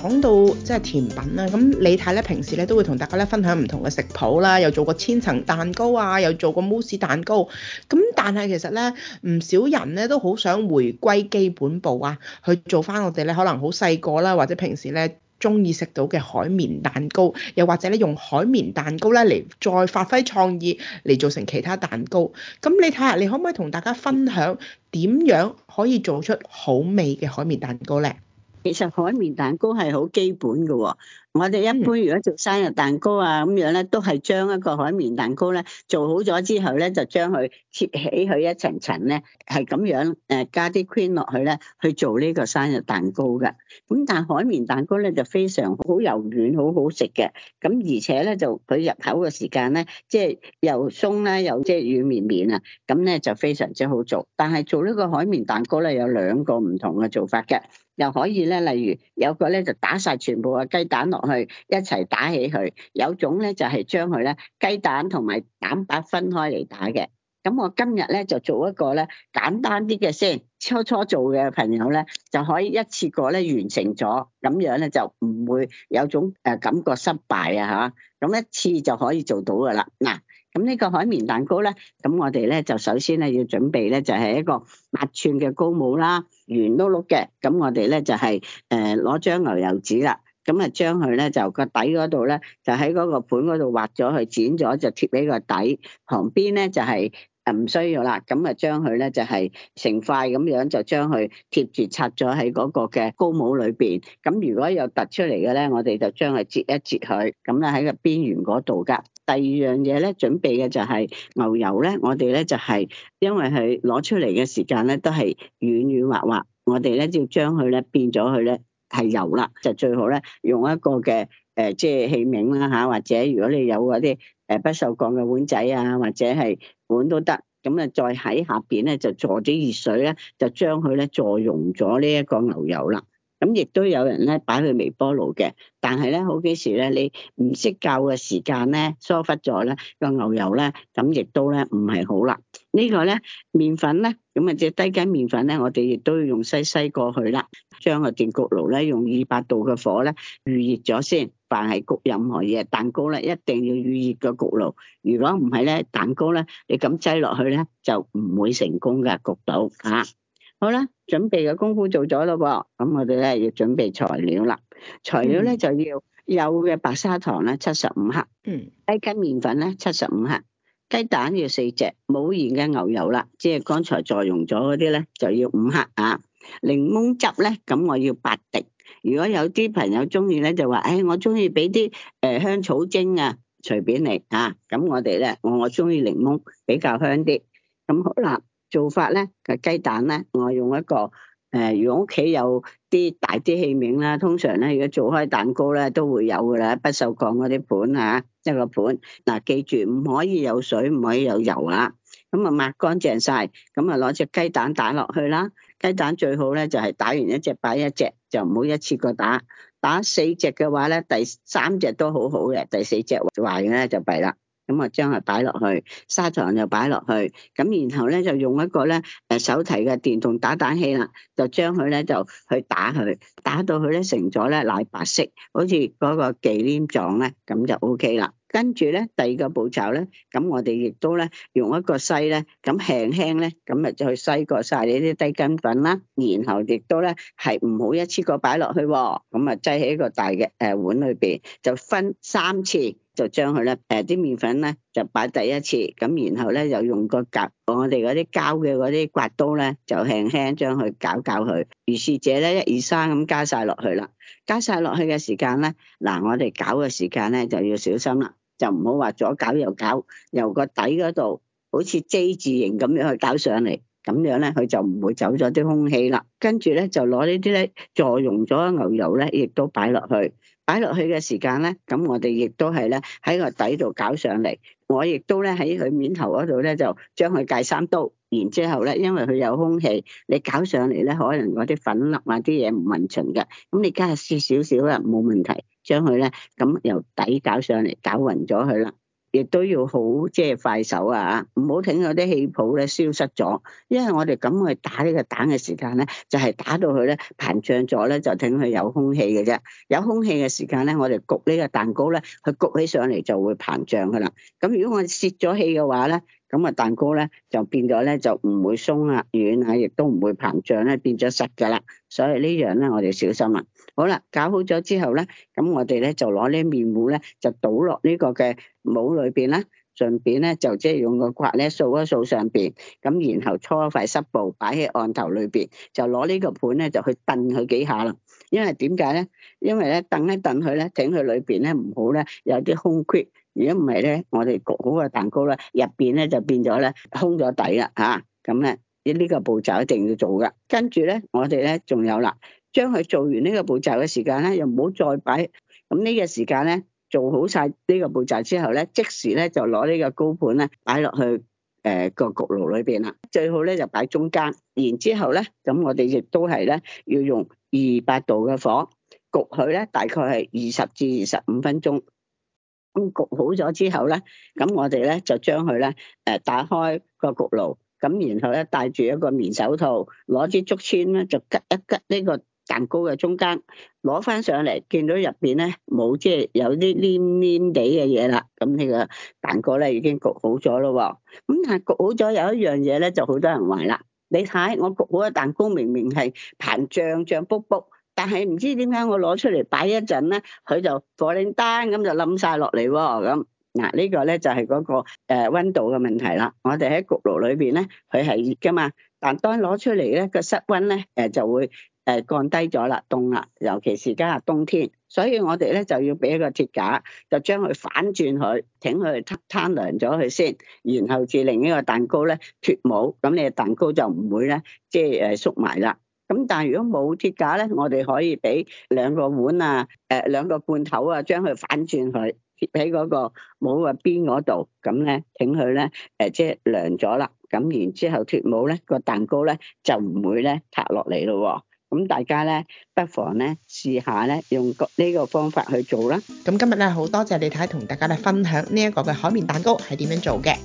講到即係甜品啦，咁李太咧平時咧都會同大家咧分享唔同嘅食譜啦，又做個千層蛋糕啊，又做個慕 o 蛋糕。咁但係其實咧，唔少人咧都好想回歸基本步啊，去做翻我哋咧可能好細個啦，或者平時咧中意食到嘅海綿蛋糕，又或者咧用海綿蛋糕咧嚟再發揮創意嚟做成其他蛋糕。咁你睇下，你可唔可以同大家分享點樣可以做出好味嘅海綿蛋糕咧？其實海綿蛋糕係好基本嘅、哦，我哋一般如果做生日蛋糕啊咁樣咧，都係將一個海綿蛋糕咧做好咗之後咧，就將佢切起佢一層層咧，係咁樣誒、呃、加啲 cream 落去咧，去做呢個生日蛋糕噶。咁但海綿蛋糕咧就非常好柔軟，柔軟好好食嘅。咁而且咧就佢入口嘅時間咧，即係又鬆咧又即係軟綿綿啊，咁咧就非常之好做。但係做呢個海綿蛋糕咧有兩個唔同嘅做法嘅。又可以咧，例如有個咧就打晒全部嘅雞蛋落去，一齊打起佢。有種咧就係將佢咧雞蛋同埋蛋白分開嚟打嘅。咁我今日咧就做一個咧簡單啲嘅先，初初做嘅朋友咧就可以一次過咧完成咗，咁樣咧就唔會有種誒感覺失敗啊嚇。咁一次就可以做到噶啦嗱。咁呢個海綿蛋糕咧，咁我哋咧就首先咧要準備咧就係、是、一個八寸嘅糕模啦，圓碌碌嘅，咁我哋咧就係誒攞張牛油紙啦，咁啊將佢咧就個底嗰度咧就喺嗰個盤嗰度劃咗去剪咗就貼喺個底，旁邊咧就係、是。唔需要啦，咁啊將佢咧就係成塊咁樣就將佢貼住插咗喺嗰個嘅高帽裏邊。咁如果有突出嚟嘅咧，我哋就將佢折一折佢。咁啊喺個邊緣嗰度㗎。第二樣嘢咧，準備嘅就係牛油咧，我哋咧就係因為佢攞出嚟嘅時間咧都係軟軟滑滑，我哋咧要將佢咧變咗佢咧。係油啦，就最好咧，用一個嘅誒、呃，即係器皿啦、啊、吓，或者如果你有嗰啲誒不鏽鋼嘅碗仔啊，或者係碗都得，咁啊，再喺下邊咧就坐啲熱水咧，就將佢咧坐溶咗呢一個牛油啦。咁亦都有人咧擺去微波爐嘅，但係咧好幾時咧你唔識教嘅時間咧疏忽咗咧個牛油咧，咁亦都咧唔係好啦。呢個、呢個咧麵粉咧，咁咪即係低筋麵粉咧，我哋亦都要用西西過去啦，將個電焗爐咧用二百度嘅火咧預熱咗先。凡係焗任何嘢蛋糕咧，一定要預熱個焗爐。如果唔係咧，蛋糕咧你咁擠落去咧就唔會成功㗎，焗到嚇。啊。好啦，準備嘅功夫做咗咯噃，咁我哋咧要準備材料啦。材料咧就要有嘅白砂糖咧七十五克，嗯，低筋麵粉咧七十五克，雞蛋要四隻，冇鹽嘅牛油啦，即係剛才再用咗嗰啲咧就要五克啊。檸檬汁咧，咁我要八滴。如果有啲朋友中意咧，就話，誒、哎，我中意俾啲誒香草精啊，隨便你嚇。咁、啊、我哋咧，我我中意檸檬比較香啲。咁好啦。做法咧嘅雞蛋咧，我用一個誒、呃，如果屋企有啲大啲器皿啦，通常咧如果做開蛋糕咧都會有噶啦，不鏽鋼嗰啲盤嚇、啊、一個盤嗱、啊，記住唔可以有水，唔可以有油啦，咁啊抹乾淨晒，咁啊攞隻雞蛋打落去啦，雞蛋最好咧就係、是、打完一隻擺一隻，就唔好一次過打，打四隻嘅話咧，第三隻都好好嘅，第四隻壞嘅咧就弊啦。咁啊，將佢擺落去，砂糖就擺落去，咁然後咧就用一個咧誒手提嘅電動打蛋器啦，就將佢咧就去打佢，打到佢咧成咗咧奶白色，好似嗰個忌廉狀咧，咁就 OK 啦。跟住咧第二個步驟咧，咁我哋亦都咧用一個篩咧，咁輕輕咧咁啊就去篩過晒你啲低筋粉啦，然後亦都咧係唔好一次過擺落去，咁啊擠喺一個大嘅誒碗裏邊，就分三次。就將佢咧，誒啲麵粉咧就擺第一次，咁然後咧就用個夾，我哋嗰啲膠嘅嗰啲刮刀咧就輕輕將佢攪攪佢，如是者咧一、二、三咁加晒落去啦，加晒落去嘅時間咧，嗱我哋攪嘅時間咧就要小心啦，就唔好話左攪右攪，由個底嗰度好似 J 字形咁樣去搞上嚟，咁樣咧佢就唔會走咗啲空氣啦。跟住咧就攞呢啲咧，坐溶咗嘅牛油咧，亦都擺落去。擺落去嘅時間咧，咁我哋亦都係咧喺個底度搞上嚟，我亦都咧喺佢面頭嗰度咧就將佢戒三刀，然之後咧，因為佢有空氣，你搞上嚟咧可能嗰啲粉粒啊啲嘢唔均勻嘅，咁你加少少少啦，冇問題，將佢咧咁由底搞上嚟攪勻咗佢啦。亦都要好，即係快手啊！唔好停，嗰啲氣泡咧消失咗。因為我哋咁去打呢個蛋嘅時間咧，就係打到佢咧膨脹咗咧，就停佢有空氣嘅啫。有空氣嘅時間咧，我哋焗呢個蛋糕咧，佢焗起上嚟就會膨脹噶啦。咁如果我哋泄咗氣嘅話咧，咁啊蛋糕咧就變咗咧就唔會鬆啊軟啊，亦都唔會膨脹咧，變咗濕噶啦。所以呢樣咧，我哋小心啊！好啦，搞好咗之後咧，咁我哋咧就攞呢麵糊咧，就倒落呢個嘅模裏邊啦，上邊咧就即係用個刮咧掃一掃上邊，咁然後搓一塊濕布擺喺案頭裏邊，就攞呢個盤咧就去頓佢幾下啦。因為點解咧？因為咧頓一頓佢咧，整佢裏邊咧唔好咧，有啲空隙。如果唔係咧，我哋焗好個蛋糕咧，入邊咧就變咗咧空咗底啦吓。咁咧呢呢個步驟一定要做噶。跟住咧，我哋咧仲有啦。將佢做完呢個步驟嘅時間咧，又唔好再擺。咁呢個時間咧，做好晒呢個步驟之後咧，即時咧就攞呢個高盤咧擺落去誒個、呃、焗爐裏邊啦。最好咧就擺中間。然之後咧，咁我哋亦都係咧要用二百度嘅火焗佢咧，大概係二十至二十五分鐘。咁焗好咗之後咧，咁我哋咧就將佢咧誒打開個焗爐，咁然後咧戴住一個棉手套，攞支竹籤咧就吉一吉呢、這個。蛋糕嘅中間攞翻上嚟，見到入邊咧冇，即係有啲黏黏地嘅嘢啦。咁呢個蛋糕咧已經焗好咗咯喎。咁但係焗好咗有一樣嘢咧，就好多人話啦。你睇我焗好嘅蛋糕明明係膨脹脹、卜卜，但係唔知點解我攞出嚟擺一陣咧，佢就火影丹咁就冧晒落嚟喎。咁，嗱，呢個咧就係嗰個誒温度嘅問題啦。我哋喺焗爐裏邊咧，佢係熱噶嘛。但當攞出嚟咧，個室温咧，誒就會誒降低咗啦，凍啦。尤其係家下冬天，所以我哋咧就要俾一個鐵架，就將佢反轉佢，請佢攤涼咗佢先。然後至另一個蛋糕咧脱模，咁你蛋糕就唔會咧，即係誒縮埋啦。咁但係如果冇鐵架咧，我哋可以俾兩個碗啊，誒兩個罐頭啊，將佢反轉佢，貼喺嗰個模嘅邊嗰度，咁咧請佢咧，誒即係涼咗啦。咁然之後脱模咧，個蛋糕咧就唔會咧塌落嚟咯。咁大家咧不妨咧試下咧用個呢個方法去做啦。咁今日咧好多謝李太同大家咧分享呢一個嘅海綿蛋糕係點樣做嘅。